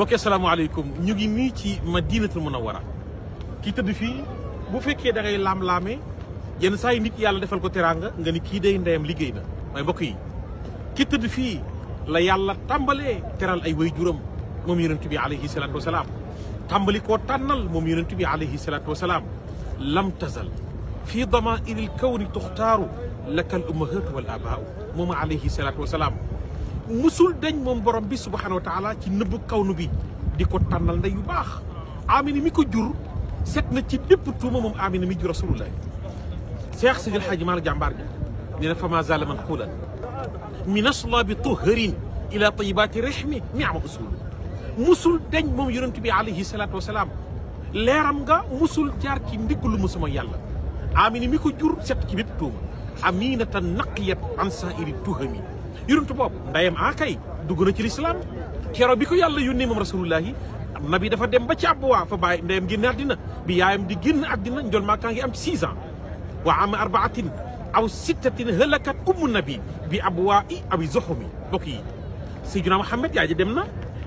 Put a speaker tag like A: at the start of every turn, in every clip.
A: بوك السلام عليكم نيغي مي تي مدينه المنوره كي تد في بو فكي دا غاي لام لامي ين ساي نيت يالا ديفال كو تيرانغا غاني كي داي ندايم ليغينا ماي بوك يي كي تد في لا يالا تامبالي تيرال اي وي جورم مومي رنتبي عليه الصلاه والسلام تامبالي كو تانال مومي رنتبي عليه الصلاه والسلام لم تزل في ضمائر الكون تختار لك الامهات والاباء مومي عليه الصلاه والسلام musul dañ moom borom bi subhanahu wa taala ci nëbbu kawnu bi di ko tànnal ndey yu baax amina mi ko jur set na ci bépp tuuma moom amina mi jur rasulullah cheikh sidil xaaji maala jàmbaar ji nee na fama zala man xuulan min asla bi tuharin ila tayibaati rihmi mi ama usul musul dañ moom yonent bi alayhi salaatu wasalaam leeram nga musul jaar ci ndiggalu musuma yàlla amina mi ko jur set ci bépp tuuma aminatan naqiyat an sairi tuhami yonentu boobu ndayam ah kay dugg na ci lislaam kero bi ko yàlla yónnee moom rasulullahi nabi dafa dem ba ci abwaa fa bàyyi ndeyam génn àddina bi yaayam di génn àddina njol maakaa ngi am ci six ans wa am arbaatin aw sittatin hëlakat ummu nabi bi abwaa i awi zoxomi mbokk yi Seydina Muhammad yaay ja dem na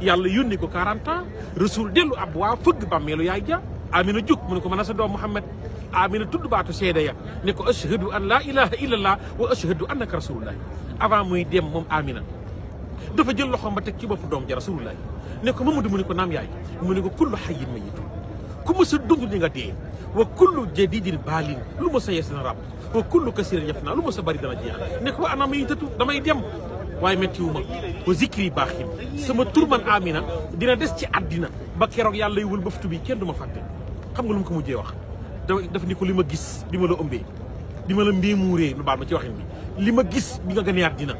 A: yàlla yónni ko 40 ans rasul dellu abwaa fëgg bàmmeelu yaay ja amina jóg mu ne ko mën a sa doom Muhammad Amina tuddu baatu seeda ya ne ko ashhadu an la ilaha allah wa ashhadu annaka rasulullah avant muy dem mom Amina dafa jël loxom ba tek ci bop doom ja rasulullah ne ko Mamadou mu ne ko nam yaay mu ne ko kullu hayyin mayyit ku ma sa dundu di nga dee wa kullu jadidin balin lu ma sa yees na rab wa kullu kasirin yafna lu ma sa bari dama jeex ne ko ana may tëtu damay dem waaye métti wu ma zikri baax sama tur man Amina dina dess ci adina ba kérok yàlla yewul bëftu bi kenn duma fàtte xam nga lu mu ko mujjé wax daf ni ko li ma gis li ma la ëmbee li ma la mbee muuree lu baal ma ci waxin bi li ma gis bi nga dina àddina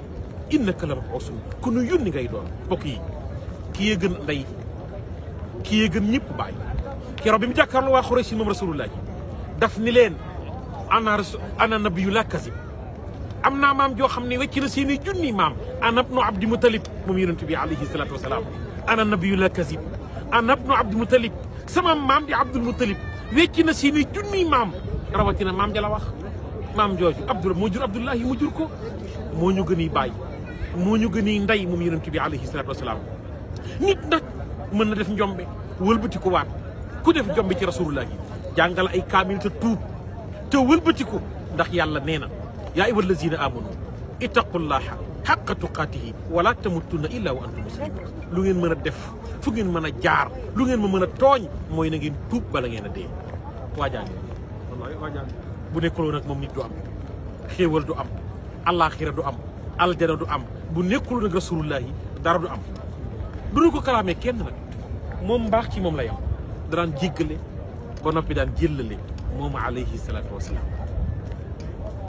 A: innaka la mab'uusun ku nu yónni ngay doon mbokk yi kii yee gën ndey kii yee gën ñëpp bàyyi keroog bi mu jàkkaarloo waa Xuraysh moom rasulullah ji daf ni leen ana ana nabiyu laa kasib am naa maam joo xam ne wecc na seen i junni maam ana ibnu abdi mutalib moom yonent bi alayhi salaatu wasalaam ana nabiyu la kasib ana ibnu abdi mutalib sama maam di abdul mutalib wecci na si ni junniy maam rawatina maam jala wax maam jooju abdul moo jur abdullahi mu jur ko moo ñu gën yi bàyyi moo ñu gën yi ndey moom yonent bi alayhi salaatu wasalaam nit nag mën na def njombe wëlbatiku waat ku def njombe ci rasulullah yi jàngal ay kaamil te tuub te wëlbatiku ndax yàlla nee na yaa ayyuha allazina amanu ittaqullaha xaqa tuqaatihi wala tamutunna illa wa antum muslimun lu ngeen mën a def fu ngeen mën a jaar lu ngeen ma mën a tooñ mooy na ngeen tuub bala ngeen a dee waajaan wallaay bu nekkuloo nag moom nit du am xéewal du am allaaxira du am aljana du am bu nekkuloo nag rasulullahi dara du am duñu ko kalaamee kenn nag moom mbaax ci moom la yam danaan jéggale ba noppi daan jëllale moom alayhi salaatu wasalaam